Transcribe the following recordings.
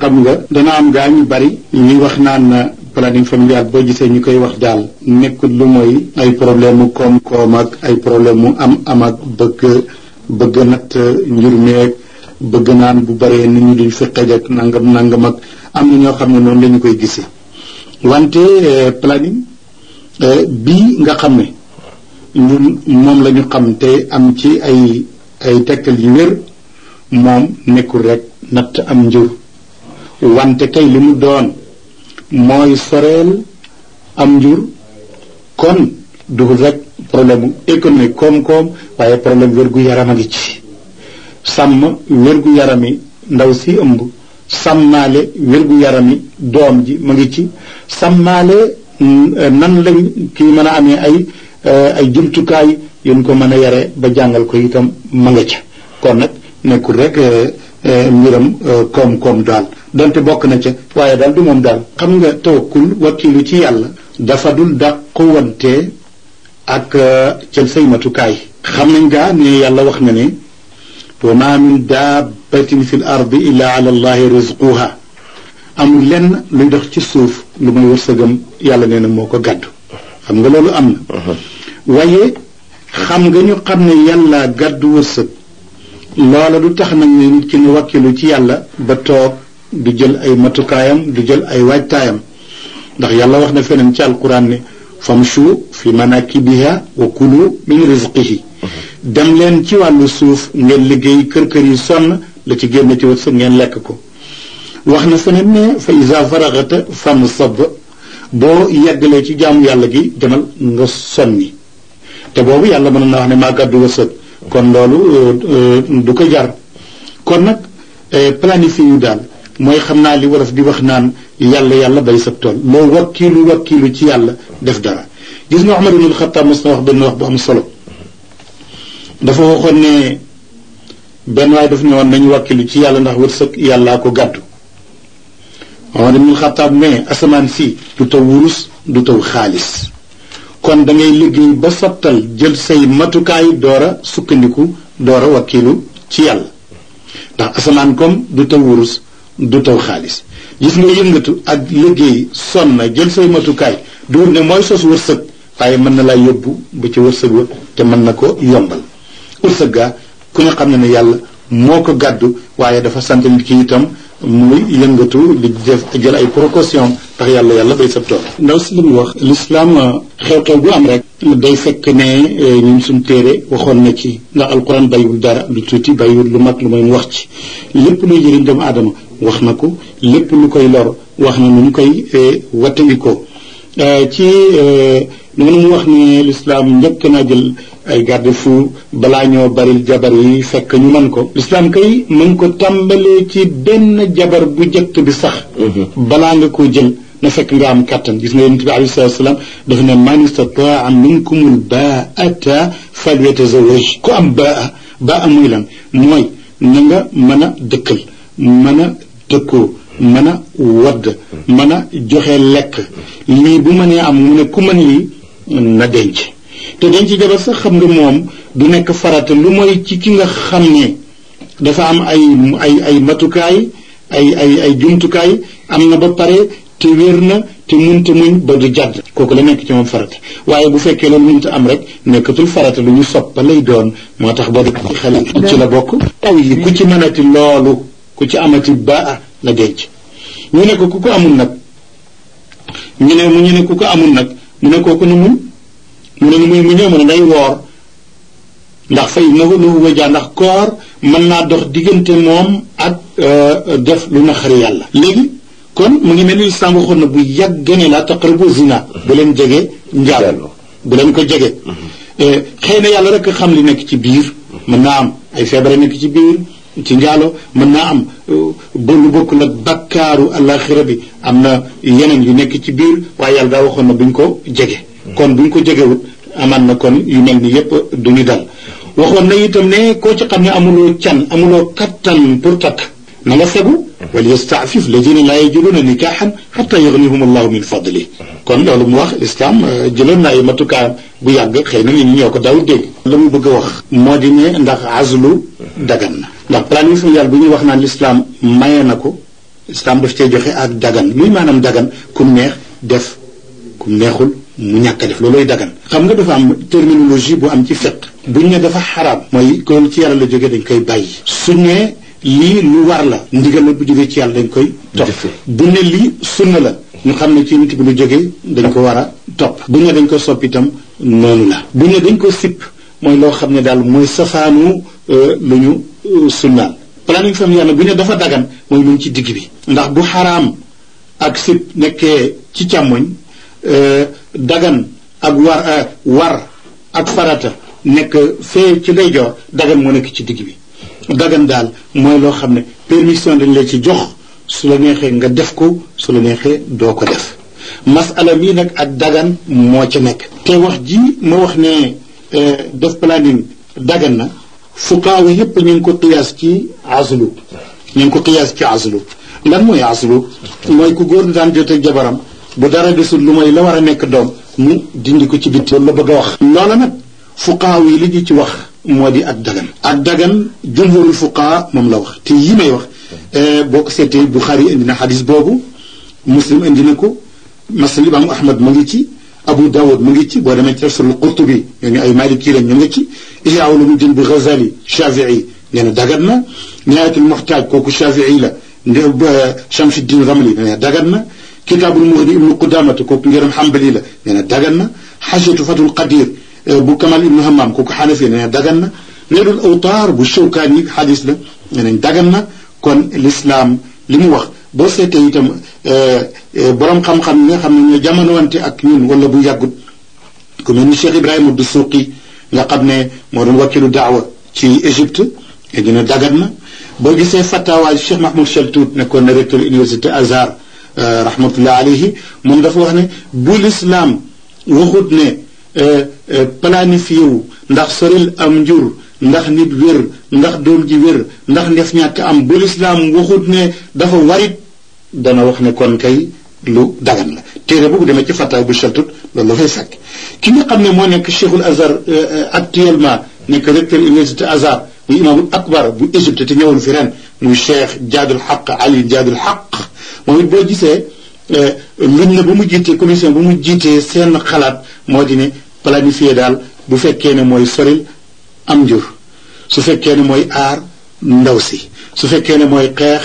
xam nga dana am gaa ñu bari ñuy wax naan na euh, planning familial boo gisee ñu koy wax jàll nekkul lu mooy ay problème mu koom ak ay problème mu am am ak bëgg bëgg natt njur meeg bëgg naan bu baree ni ñu duñ fi xej ak nangam nangam am na ñoo xam ne noonu lañu koy gisee wante euh, planning euh, bii nga xam ne ñun moom lañu xam te am ci ay ay tekkal yu wér moom nekkul rek natt am njur wante kay li mu doon mooy soreel am njur kon dugul rek problème mu économique koom waaye problème wér-gu-yaram a ngi ci sàmm wér yaram yi ndaw si ëmb sàmmaale wér-gu-yaram yi doom ji ma ngi ci sàmmaale mm, nan lañ kii mën a amee ay eh, ay jumtukaay yuñ ko mën a yare ba jàngal ko itam ma nga ca kon nag nekkul rek eh, eh, mbiram koom-koom daal donte bokk na ca waaye daal du moom daal xam nga tawakkul wakkilu ci yàlla dafa dul dàquwante ak cël euh, say matukaay xam nañ gaa ne yàlla wax na ne wa ma min dabbatin fi l ardi illa ala allahi rizquha amul lenn luy dox ci suuf lu may wërsëgam yàlla nee na moo ko gàddu xam nga loolu am na uh-huh. waaye xam nga ñu xam ne yàlla gàddu wërsëg loola du tax nag ne nit ki ne wakkilu ci yàlla ba toog du jël ay matukaayam du jël ay waajtaayam ndax yàlla wax na feneen ci alquran ne famshu fi manakibiha wa kulu min rizqihi dem leen ci wàllu suuf ngeen liggéey kër-kër yi sonn la ci génn ci wërsëg ngeen lekk ko wax na feneen ne fa isa faraxata sob boo yeggalee ci jaamu yàlla gi demal nga sonni te boobu yàlla mën na wax ne maa gàddu wërsëg kon loolu euh, euh, du ko jar kon nag euh, planifié yu daal mooy xam naa li wolof di wax naan yàlla yàlla bay sa tool loo wakkiilu wakkiilu ci yàlla def dara gis nga Omar ibnul Xattaab mos na wax wax bu solo dafa ne benn waaye daf ne woon nañu wakkilu ci yàlla ndax wërsëg yàllaa ko gàddu Omar ibnul Xattaab mais asamaan si du taw wurus du taw xaalis kon da ngay liggéey ba sottal jël say matukaay door a sukkandiku door a ci yàlla ndax asamaan comme du taw wurus du taw xaalis gis nga yëngatu ak liggéey sonn na jël say matukaay du ne mooy sos wërsëg waaye mën na laa yóbbu bu ci wërsëg wa te mën na ko yombal wërsëg gaa ku ñu xam ne ne yàlla moo ko gàddu waaye dafa sant nit ki itam muy yëngatu di def jël ay précaution tax yàlla yàlla bay sab tool ndaw si li mu wax lislaam euh, xew-xew bu am rek day fekk ne eh, ñun suñ téere waxoon na ci ndax alquran bàyyiwul dara lu tuuti bàyyiwul lu mag lu may wax ci lépp luy jëriñ dem aadama wax na ko lépp lu koy lor wax na nu ñu koy eh, ko eh, ci nu mu wax ne lislaam njëkk naa jël ay garde-fou balaa ñoo baril jabar yi fekk ñu man ko lislaam kay mën ko tàmbalee ci benn jabar bu jëkk bi sax mhm. balaa nga ko jël na fekk nga am kattan gis nga yonent bi alayhi salaatu salaam dafa ne man istataa minkumul baata falyatazawaj ku am baa baa muy lan mooy na nga mën a dëkkal mën a dëkkoo mën a wadd mën a joxe lekk lii bu mënee am mu ne ku mën lii na denc te denc jabar sax xam nga moom du nekk farata lu mooy ci ki nga xam ne dafa am ay ay ay matukaay ay ay ay jumtukaay am na ba pare te wér na te mënta muñ ba du jàdd kooku la nekk ci moom farata waaye bu fekkee loolu mënta am rek nekkatul farata lu ñu soppa lay doon moo tax ba du ci xel ci la bokk taw yi ku ci mënati loolu ku ci amati baa la denc ñu ne ko ku ko amul nag ñu ne mu ñu ku ko amul nag mu ne kooku nu muñ mu ne nu muy mu ñëw ma ngay woor ndax fa innahu lahu wajaa ndax koor mën naa dox diggante moom ak euh, def lu naqari yàlla léegi kon mu ngi mel ni lislaam waxoon na bu yàgg ne laa taqrabu zina bu leen jege njaalo bu leen ko jege mhm. eh, xëy na yàlla rek xam li nekk ci biir mhm. mën naa am ay feebare nekk ci biir ci njaalo mën naa am eh, ba lu bokkul ak bakkaaru alaxira bi am na yeneen yu nekk ci biir waaye yàlla daa waxoon na buñ ko jege mhm. kon buñ ko jegewut amaan na kon yu mel ni yépp duñu dal waxoon na itam ne koo ci xam ne amuloo can amuloo kattan pour takk na nga fegu wala yastaafif ladina laa yajiduuna nikaaxan xata yagnihum allahu min fadli kon loolu mu wax lislaam euh, jëloon na ay matukaayam bu yàgg xëy na ni ñi ñoo ko daw dégg la mu bëgg a wax moo di ne ndax azlu dagan na ndax planning familial bu ñuy wax naan lislaam maye na ko lislaam daf cee joxe ak dagan luy maanaam dagan kum neex def kum neexul mu ñàkk def def loolooy dagan xam nga dafa am terminologie bu am ci bu buñ ne dafa xaraam mooy kon ci yàlla la jógee dañ koy bàyyi lii lu war la ndigal la bu jógee ci yàlla dañ koy topp bu ne lii sunna la ñu xam ne ci nit bi lu jógee dañ ko war a topp bu ne dañ ko sopp itam noonu la bu ne dañ ko sipp mooy loo xam ne daal mooy safaanu euh, lu ñu euh, sunnaal planning familial bu dafa dagan mooy mu ci digg bi ndax bu xaraam ak sipp nekkee ci càmmoñ euh, dagan ak war ak farata nekk fee ci ndeyjoor dagan moo nekk ci digg bi dagan daal mooy loo xam ne permission dañ la ci jox su la neexee nga def ko su la neexee doo ko def masala mii nag ak dagan moo ci nekk te wax ji ma wax ne euh, def planning dagan na fuqaaw yépp ñu ngi ko qiyaas ci aslu ñu ngi ko qiyaas ci aslu lan mooy aslu mooy ku góor daan jote jabaram bu dara desul lu mooy la war a nekk doom mu dindi ko ci bitti la bëgg wax loola nag fuqaaw yi li ci wax moo di ak dagan ak dagan jumhurul fuqaa moom la wax te yi may wax eh, boo ko seetee Buxaari indi na xadis boobu muslim indi na ko masal imaamu ahmad ma ngi ci abu dawud mu ngi ci boo demee ci tafsirul qurtubi ñooñu ay maliki lañ ñu ngi ci ihya ulumuddin bu ghazali shafii nee na dagan na nihayatul muhtaaj kooku shafii la ndi shamsuddin ramli nee na dagan na kitaabul muhni ibnu qudamata kooku ngiram xambali la nee na dagan na xasiyatu fatul qadir Euh, bu Kamal ibnu Hammaam kooku xanafi nee na dagan na Naylul Awtaar bu Shawkaani xadis la nee nañ dagan na kon lislaam li mu wax boo seetee itam euh, euh, borom xam-xam nga xam ne ñoo jamonowante ak ñun wala bu yàggut ku mel ni Cheikh Ibrahima Dusuqi nga xam ne moo doon wakkilu daawa ci Égypte ñu ne dagan na boo gisee fatawaay Cheikh Mahmoud Chaltout nekkoon na recteur université Azhar rahmatullah alayhi moom dafa wax ne bu lislaam waxut ne Eh, planifié wu ndax soril am njur ndax nit wér ndax doom ji wér ndax ndef ñàkk am bu lislaam waxut ne dafa warit dana wax ne kon kay lu dagan la téere boobu demee ci fataw bu chaltut loolu la fay fekk ki nga xam ne moo nekk cheikhul azhar eh, actuellement nekk recteur université azhar bu imaamul akbar bu égypte te ñëwoon fi ren muy cheikh jaadul xaq ali jaadul xaq moom it boo gisee eh, luñ na ba mu jiitee commission ba mu jiitee seen xalaat moo di ne planifier daal bu fekkee ne mooy soril am jur su fekkee ne mooy aar ndaw si su fekkee ne mooy xeex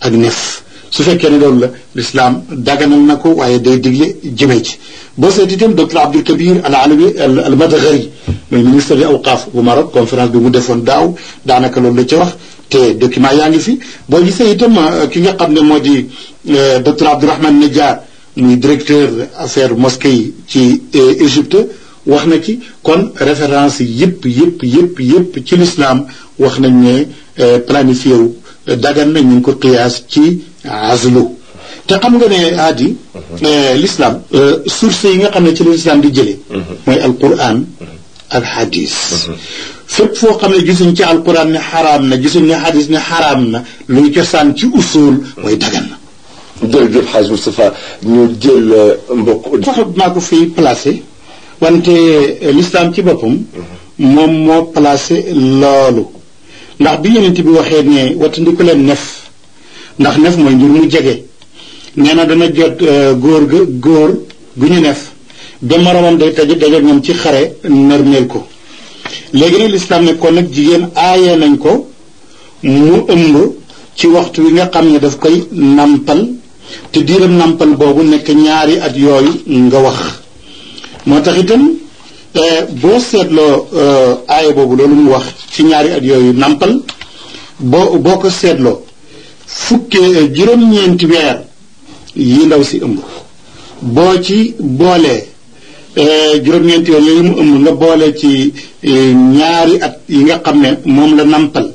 ak nef su fekkee ne loolu la lislaam daganal na ko waaye day digle jëmee ci boo seet itam docteur Abdul Kabir al alawi al madghari mooy ministre de awqaaf bu Maroc conférence bi mu defoon daaw daanaka lool la ca wax te document yaa ngi fi boo gisee itam euh, ki nga xam ne moo di euh, docteur Abdourahman Najjar muy directeur affaire mosquée yi ci euh, Égypte wax na ci kon référence yëpp yëpp yëpp yëpp ci lislaam wax nañ ne euh, planifié wu dagan na ñu ngi ko ci azlu te xam nga ne aadi mhm. euh, lislaam euh, source yi nga xam ne ci la lislaam di jëlee mhm. mooy alquran mhm. ak hadis fépp foo xam ne gisuñ ci alquran ne xaraam na gisuñ ne hadis ne xaraam na luy cosaan ci usul mooy dagan na jërëjëf xaaj Moustapha ñu jël mbokk. faxe naa ko fii wante eh, l'islam ci boppam mhm. moom moo placé loolu ndax bi yonent bi waxee ne wattandiku leen nef ndax nef mooy mbir mu jege nee na dana jot eh, góor ga góor gu ñu nef ba moromam day taj dajeeg ñoom ci xare nërmeel ko léegi nag lislaam ne kon nag jigéen aayee nañ ko mu ëmb ci waxtu wi nga xam ne daf koy nampal te diiram nampal boobu nekk ñaari at yooyu nga wax moo tax itam euh, boo seetloo euh, aaya boobu loolu mu wax ci ñaari at yooyu nàmpal boo boo ko seetloo fukkee euh, juróom-ñeenti weer yi ndaw si ëmb boo ci boolee juróom-ñeenti weer yooyu mu ëmb nga boole ci ñaari at yi nga xam ne moom la nàmpal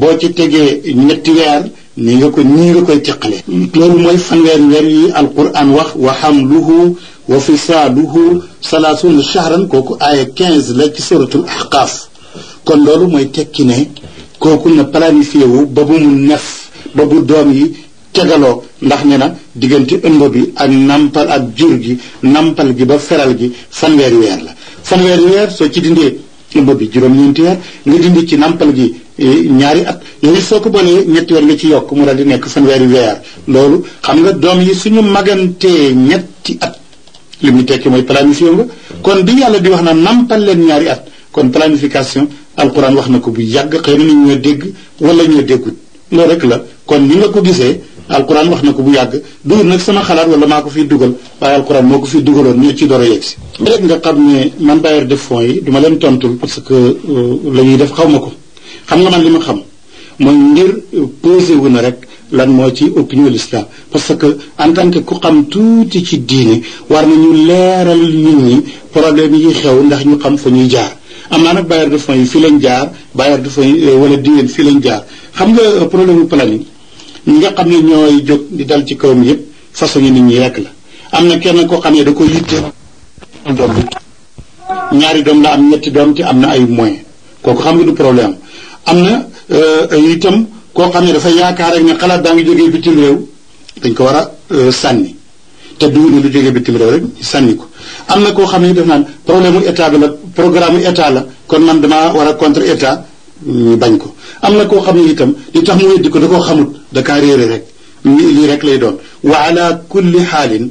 boo ci tegee ñetti weer ni nga ko ni nga koy teqale loolu mooy fanweer weer yi alquran wax waxam lu wa hamluhu wa fisaaluhu salaasuuna shahran kooku aaya 15 la ci suratul ahqaaf kon loolu mooy tekki ne kooku na planifié wu ba bu mu nef ba bu doom yi tegaloo ndax ne na diggante ëmb bi ak nampal ak jur gi nampal gi ba feral gi fanweeri weer la fanweeri weer soo ci dindee ëmb bi juróom-ñeenti weer nga dindi ci nàmpal gi ñaari at yooyu soo ko bonee ñetti weer nga ci yokk mu daal di nekk fanweeri weer loolu xam nga doom yi suñu magantee ñetti at li mu tekki mooy planifié nga kon bi yàlla di wax na nampal leen ñaari at kon planification alquran wax na ko bu yàgg xëy na nit ñoo dégg wala ñoo déggut loolu rek la kon ni nga ko gisee alquran wax na ko bu yàgg dugul nag sama xalaat wala maa ko fiy dugal waaye alquran moo ko fiy dugaloon ñoo ci door a yegg si rek nga xam ne man de fonds yi duma leen tontul parce que euh, la ñuy def xaw ma ko xam nga man li ma xam mooy ngir posé wu na rek lan moo ci opinion l'islam parce que en tant que ku xam tuuti ci diine war nañu leeral nit ñi problème yi xew ndax ñu xam fa ñuy jaar am naa nag bailleur de fonds yi fii lañ jaar bailleur de fonds yi euh, wala diine fii lañ jaar xam nga euh, problème mu planning ñi nga xam ne ñooy jóg di dal ci kawam yëpp façon yi nit ñi rek la am na kenn koo xam ne da ko yitte doom ñaari doom la am ñetti doom te am na ay moyens kooku xam nga du problème am na euh, itam koo xam ne dafa yaakaar rek ne xalaat daa ngi jógee bitim réew dañ ko war a euh, sànni te du lu jógee bitim réew rek sànni ko am na koo xam ne def naan problème mu état bi la programme la kon man damaa war a contre état bañ ko am na koo xam ne itam li tax mu weddi ko da koo xamut da kaa réere rek lii rek lay doon wa ala kulli xaalin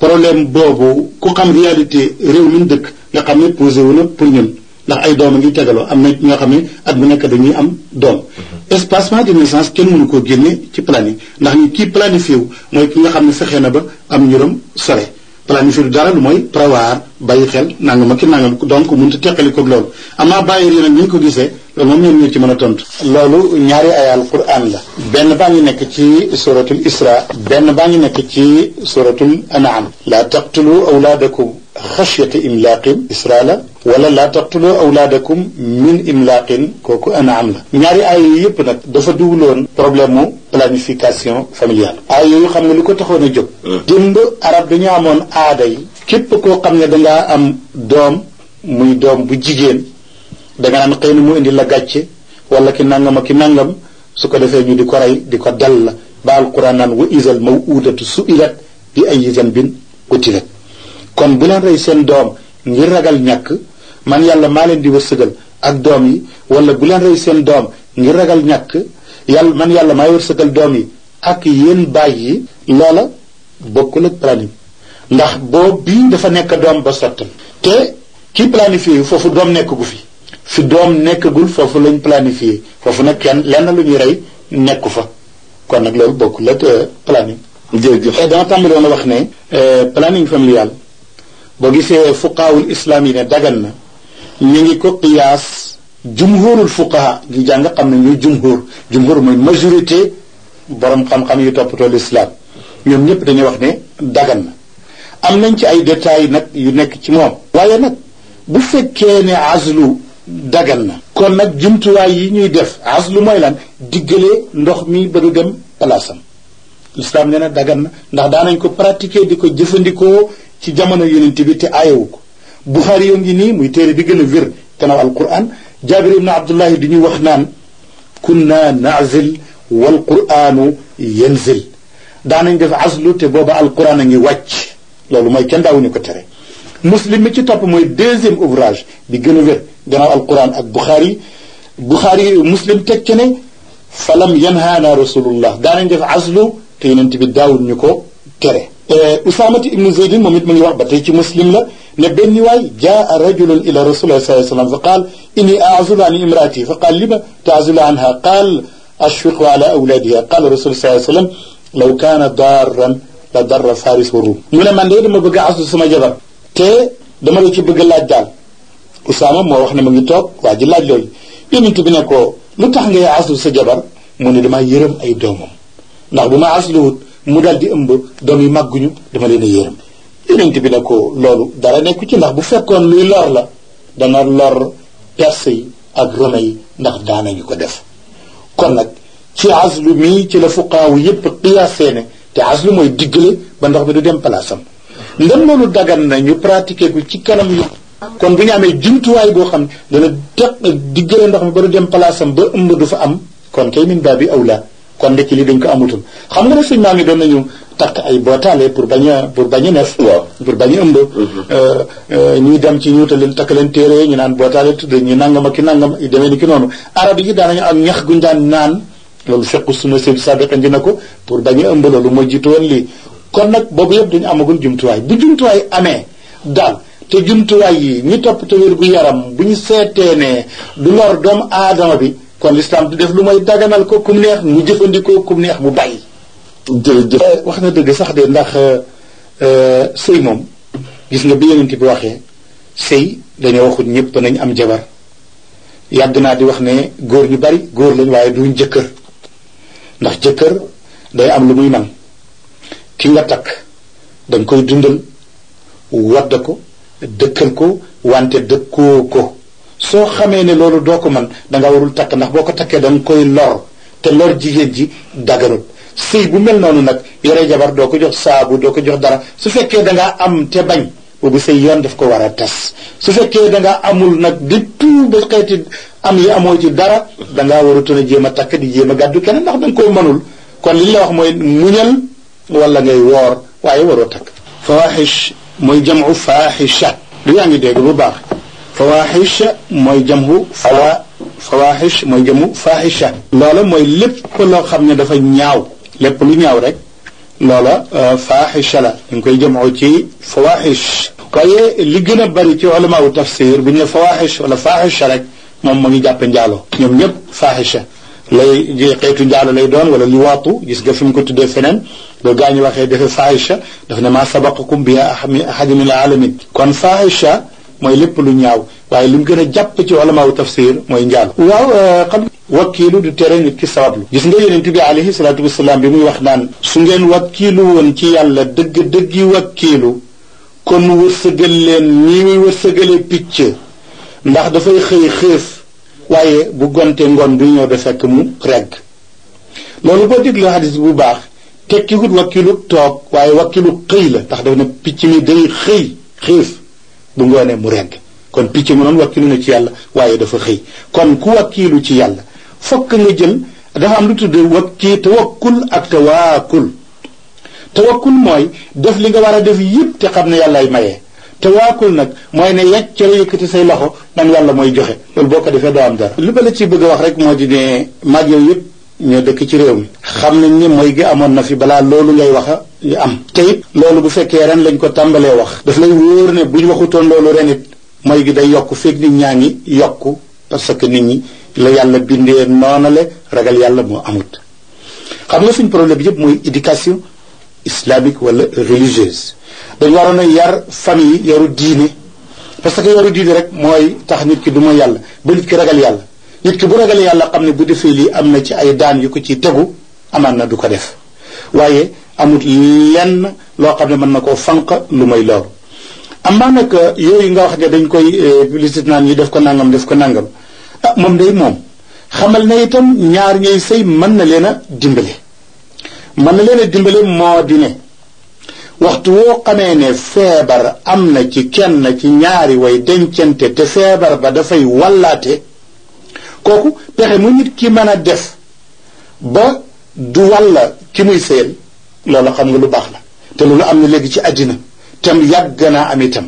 problème boobu ku xam réalité réew mi dëkk nga xam ne posé na pour ñun ndax ay doom a ngi tegaloo am na ñoo xam ne at bu nekk dañuy am doom mhm. espacement de naissance kenn mënu koo génne ci planning ndax ñu kii planifié wu mooy ki nga xam ne fexee na ba am ñuram sore planifié du dara lu mooy prévoir bàyyi xel nangam ak nangam donc mënut a teqali ko loolu amaa bàyyi yéen ni ñu ko gisee loolu ci mën a tontu. loolu ñaari ay alquran la. benn baa ngi nekk ci suratul isra. benn baa ngi nekk ci suratul an'am. laa taqtulu awlaadakum xashyata imlaaqin. isra la. wala laa taqtuloo awlaadakum min imlaaqin kooku am la ñaari aay yooyu yëpp nag dafa duwuloon problème mu planification familiale aay yooyu xam nga lu ko taxoon a jóg jëmb mm. arab dañu amoon aada yi képp koo xam ne dangaa am doom muy doom bu jigéen danga naan xëy na mu indi la gàcce wala ki nangam ki nangam su ko defee ñu di ko rey di ko dal la ba alquran naan wa isal mawuudatu suilat bi ay zambin qutilat kon bu leen rey seen doom ngir ragal ñàkk man yàlla maa leen di wërsëgal ak doom yi wala bu leen rey seen doom ngir ragal ñàkk yàlla man yàlla maay wërsëgal doom yi ak yéen baay yi loola bokkul ak planning ndax boobu bii dafa nekk doom ba sottal te ki planifié foofu doom nekk gu fi fi doom nekkagul foofu lañ planifié foofu nag kenn lenn lu ñuy rey nekku fa kon nag loolu bokkul ak euh, planning jërëjëf et dama tàmbali woon a wax ne euh, planning familial boo gisee fuqaawul islam yi ne dagan na ñu ngi ko qiyaas jumhurul fuqaha ñu jàng xam na ñuy jumhur jumhur mooy majorité borom xam-xam yu toppatoo lislaam ñoom ñëpp dañuy wax ne dagan na am nañ ci ay détails nag yu nekk ci moom waaye nag bu fekkee ne azlu dagan na kon nag jumtuwaay yi ñuy def azlu mooy lan diggalee ndox mi ba du dem palaasam lislaam nee na dagan na ndax daa nañ ko pratiquer di ko jëfandikoo ci jamono yonent bi te aayewu ko Buxaari yoo ngi nii muy téere bi gën a wér gannaaw alquran jaabir ibnu abdullahi di ñu wax naan kunna nazil wal quraanu yanzil daanañ def aslu te booba alquran a ngi wàcc loolu mooy kenn daawuñu ko tere muslim mi ci topp mooy deuxième ouvrage bi gën a wér gannaaw alquran ak Buxaari Buxaari muslim teg ci ne falam yanhaana rasulullah daanañ def aslu te yonent bi daawul ñu ko tere eh, usaamati ibnu zeydin moom it mu ngi wax ba tey ci muslim la ne benn waay jaa rajulun ila rasulillahi sallallahu alayhi wa sallam fa qaal inni aazulu an imraati fa qaal lima taazulu anha qaal ashfiqu ala awlaadiha qaal rasul sallallahu alayhi wa sallam law kaana daaran la darra faris wa ruum mu ne man de dama bëgg a asu sama jabar te dama la ci bëgg laaj daal Usaama moo wax ne ma ngi toog waa ji laaj loolu yonent bi ne ko lu tax ngay aslu sa jabar mu ne dama yërëm ay doomam ndax bu ma asluwut mu dal di ëmb doom yi màgguñu dama leen a yërëm yonent bi ne ko loolu dara nekku ci ndax bu fekkoon luy lor la dana lor perse yi ak rome yi ndax daanañu ko def kon nag ci aslu mii ci la fuqaawu yépp qiyaasee ne te aslu mooy diggale ba ndox mi du dem palaasam ndem loolu dagan na ñu pratiquer ko ci kanam yi kon bu ñu amee jumtuwaay boo xam ne dana teq diggale ndox mi ba du dem palaasam ba ëmb du fa am kon kay min baa bi awla kon de ci lii dañ ko amatul xam nga ne suñu maam yi doon nañu takk ay bootaale pour bañ a pour bañ a neef. waaw pour bañ a ëmb. Mm-hmm. Euh, euh, dem ci ñu te leen takk ñu naan bootaale tudd ñu nangam ak ki nangam yu demee ni ki noonu arab yi daanañu am ñax guñ daan naan loolu fekku sunu seen sabiq indi na ko pour bañ a ëmb loolu moo jiitu woon lii. kon nag boobu yëpp dañu amagul jumtuwaay bu jumtuwaay amee daal te jumtuwaay yi ñu topp te wér gu yaram bu ñu seetee ne du lor doomu aadama bi. kon lislaam du def lu may daganal ko kum neex mu jëfandikoo kum neex mu bàyyi. jërëjëf eh, wax na dëgg sax de ndax eh, eh, sëy moom gis nga bi yonent bi waxee sëy dañoo waxut ñépp nañ am jabar yàgg naa di wax ne góor ñu bari góor lañ waaye duñ jëkkër ndax jëkkër day am lu muy man ki nga takk danga koy dundal wadda ko dëkkal ko wante dëkkoo ko soo xamee ne loolu doo ko man danga warul takk ndax boo ko takkee da koy lor te lor jigéen ji daganut sëy bu mel noonu nag yore jabar doo ko jox saabu doo ko jox dara su fekkee da ngaa am te bañ boobu sëy yoon def ko war a tas su fekkee danga amul nag di tout ba xeeti am yi amoo ci dara da ngaa warutoon a jéem a takk di jéem a gàddu keneen ndax da nga koo mënul kon li la wax mooy muñal walla ngay woor waaye waroo takk. fawaaxish mooy jamu faaxisha du yaa ngi dégg bu baax. fawaaxish mooy jamhu fa fawaaxish mooy jamhu faaxisha loola mooy lépp loo xam ne dafa ñaaw lépp lu ñaaw rek loola euh, faaxisha la ñu ngi koy jamoo ci fawaaxish waaye li gën a bari ci ulamaawu tafsir bu ñu ne fawaaxish wala faaxisha rek moom ma ngi jàppe njaalo ñoom ñëpp faaxisha lay ji xeetu njaalo lay doon wala liwaatu gis nga fi mu ko tuddee feneen ba gaa ñu waxee dafa faaxisha daf ne maa sabaqakum biha ahadin min alamin kon faaxisha mooy lépp lu ñaaw waaye lu mu gën a jàpp ci ulamaawu tafsir mooy njaalu waaw euh, xam wakkiilu du tere nit ki sabablu gis nga yonent bi alayhi salaatu wasalaam bi muy wax naan su ngeen wakkiilu woon ci yàlla dëgg dëggi wakkiilu kon wërsëgal leen nii muy wërsëgale picc ndax dafay xëy xëef waaye bu gonte ngoon du ñëw da fekk mu regg loolu boo déglu xadis bu baax tekkiwut wakkiilu toog waaye wakkiilu xëy la ndax dafa ne picc mi day xëy xëef bu ngoonee mu renk kon picc mu noonu wakkilu na ci yàlla waaye dafa xëy kon ku wakkilu ci yàlla fokk nga jël dafa am lu tudd wakki tawakkul ak tawaakul tawakkul mooy def li nga war a def yëpp te xam ne yàllaay maye tawaakul nag mooy ne yàcc ca la yëkkati say loxo nan yàlla mooy joxe loolu boo ko defee doo am dara. li ma la ci bëgg a wax rek moo di ne mag yooyu yëpp. ñoo dëkk ci réew mi xam nañ ni mooy gi amoon na fi balaa loolu ngay wax a am te it loolu bu fekkee ren lañ ko tàmbalee wax daf lay wóor ne bu ñu waxutoon loolu ren it mooy gi day yokk fekk nit ñaa ngi yokk parce que nit ñi la yàlla bindee noonale ragal yàlla moo amut xam nga suñ problème yëpp mooy éducation islamique wala religieuse dañ waroon nañ yar famille yaru diine parce que yaru diine rek mooy tax nit ki du ma yàlla ba nit ki ragal yàlla nit ki bu ragalee yàlla xam ne bu defee lii am na ci ay daan yu ko ciy tegu amaan na du ko def waaye amut lenn loo xam ne mën na koo fanq lu may loolu am naa nag euh, yooyu nga wax ne dañ koy euh, publicité naan ñu def ko nangam def ko nangam ah moom day moom xamal na itam ñaar ñuy sëy mën na leen a dimbale mën na leen a dimbale moo di ne waxtu woo xamee ne feebar am na ci kenn ci ñaari way dencante te feebar ba dafay wallaate kooku pexe mu nit ki mën a def ba du la ki muy sëyal loolu xam nga lu baax la te loolu am na léegi ci àddina tam yàgg naa am itam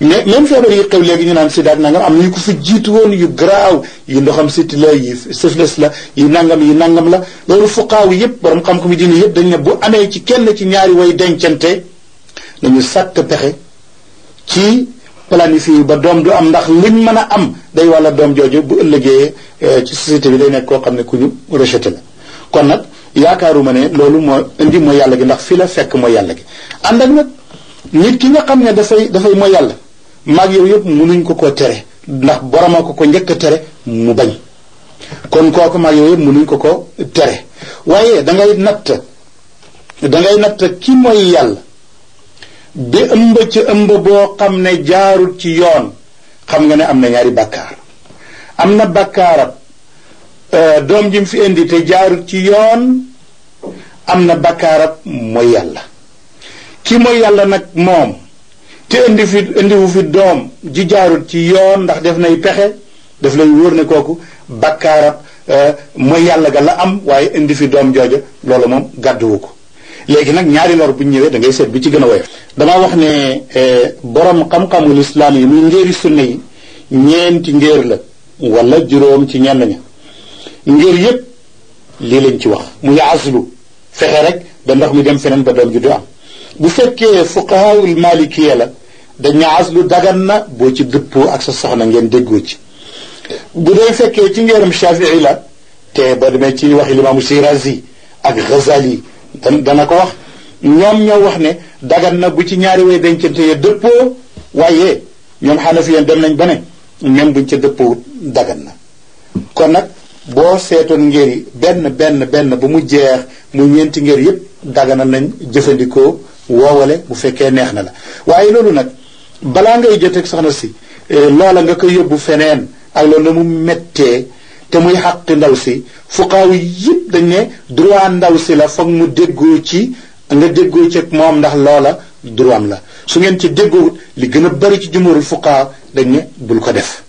mais même feebar yi xew léegi ñu naan sida ak nangam am na yu ko fi jiitu woon yu garaaw yu ndoxam siti la yu syphilis la yu nangam yu nangam la loolu fuqaaw yëpp borom xam-xam yi dina yëpp dañ ne bu amee ci kenn ci ñaari way dencante nañu sàkk pexe ci planifié ba doom du am ndax liñ mën a am day walla doom jooju bu ëllëgee eh, ci société bi day nekk koo xam ne ku ñu rejeté la kon nag yaakaaruma ne loolu moo indi mooy yàlla gi ndax fi la fekk moo yàlla gi ànd ak nag nit ki nga xam ne dafay dafay mooy yàlla maag yow yëpp mënuñ ko ko tere ndax boroma ko ko njëkk tere mu bañ kon kooku maag yow yëpp mënuñ ko ko tere waaye da ngay natt da ngay natt ki mooy yàlla bi ëmb ci ëmb boo xam ne jaarul ci yoon xam nga ne am na ñaari bàkkaar am na bàkkaarab euh, doom ji mu fi indi te jaarul ci yoon am na bàkkaarab mooy yàlla ki mooy yàlla nag moom te indi fi indiwu fi doom ji jaarul ci yoon ndax def nay pexe def lay wóor ne kooku bàkkaarab euh, mooy yàlla ga la am waaye indi fi doom jooja loolu moom gàdduwu ko léegi nag ñaari lor bu ñëwee da ngay seet bi ci gën a woyof damaa wax ne eh, borom xam-xamu lislaam yi muy ngéeri ñeen yi ngeer la wala juróom ci ñenn ña ngéer yépp lii lañ ci wax muy aslu fexe rek ba ndox mi dem feneen ba doom ju du am bu fekkee fuqahaawul malikiya la dañ aslu dagan na boo ci dëppoo ak sa soxna ngeen déggoo ci bu dee fekkee ci ngéeram shafii la te ba demee ci waxi limaamu shirazi ak ghazali dana ko wax ñoom ñoo wax ne dagan na bu ci ñaari way dencante ya dëppoo waaye ñoom xanafiyeen dem nañ ba ne même buñ ca dëppoo dagan na kon nag boo seetoon ngir yi benn benn benn bu mu jeex mu ñeenti ngir yëpp daggana nañ jëfandikoo woowale bu fekkee neex na la waaye loolu nag balaa ngay jot ak soxna si eh, loola nga ko yóbbu feneen ak loolu mu mettee te muy xàq ndaw si fuqaaw yëpp dañ ne droit ndaw si la foog mu déggoo ci nga déggoo ci moom ndax loola droit am la su ngeen ci déggoowut li gën a bari ci jumhurul fuqaa dañ ne bul ko def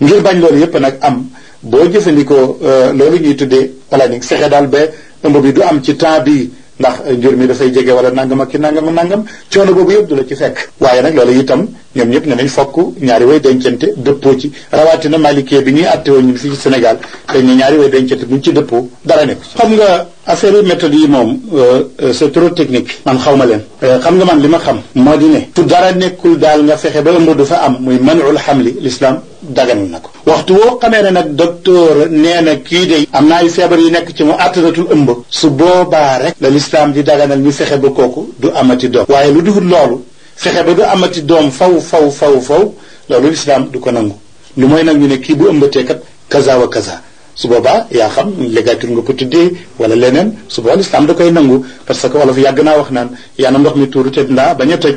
ngir bañ loolu yëpp nag am boo jëfandikoo euh, loolu ñuy tuddee planning fexe daal ba ëmb bi du am ci temps bi ndax jur mi dafay jege wala nangam ak ki nangam ak nangam coono boobu yëpp du la ci fekk waaye nag loolu itam ñoom ñëpp ne nañ fokk ñaari way dencante dëppoo ci rawatina maalikee bi ñuy àtte woon ñun fii ci Sénégal dañ ne ñaari way dencante ñu ci dëppoo dara nekk xam nga affaire méthode yi moom euh, euh, c'est trop technique man xaw ma leen euh, xam nga man li ma xam moo di ne fu dara nekkul daal nga fexe ba ëmb du fa am mu muy manul xamli l'islam daganal na ko waxtu woo xamee ne nag docteur nee na kii day am na ay feebar yi nekk ci mu attanatul ëmb su boobaa rek la l'islam di daganal ñu fexe ba kooku du amati doom waaye lu dul loolu fexe ba du amati doom faw faw faw faw loolu l'islam du ko nangu lu mooy nag ñu ne kii bu ëmbatee kat kaza wa kaza su boobaa yaa xam légature nga ko tuddee wala leneen su boobaa da koy nangu parce que wolof yàgg naa wax naan yaa na ndox mi tuuru te dinaa bañ a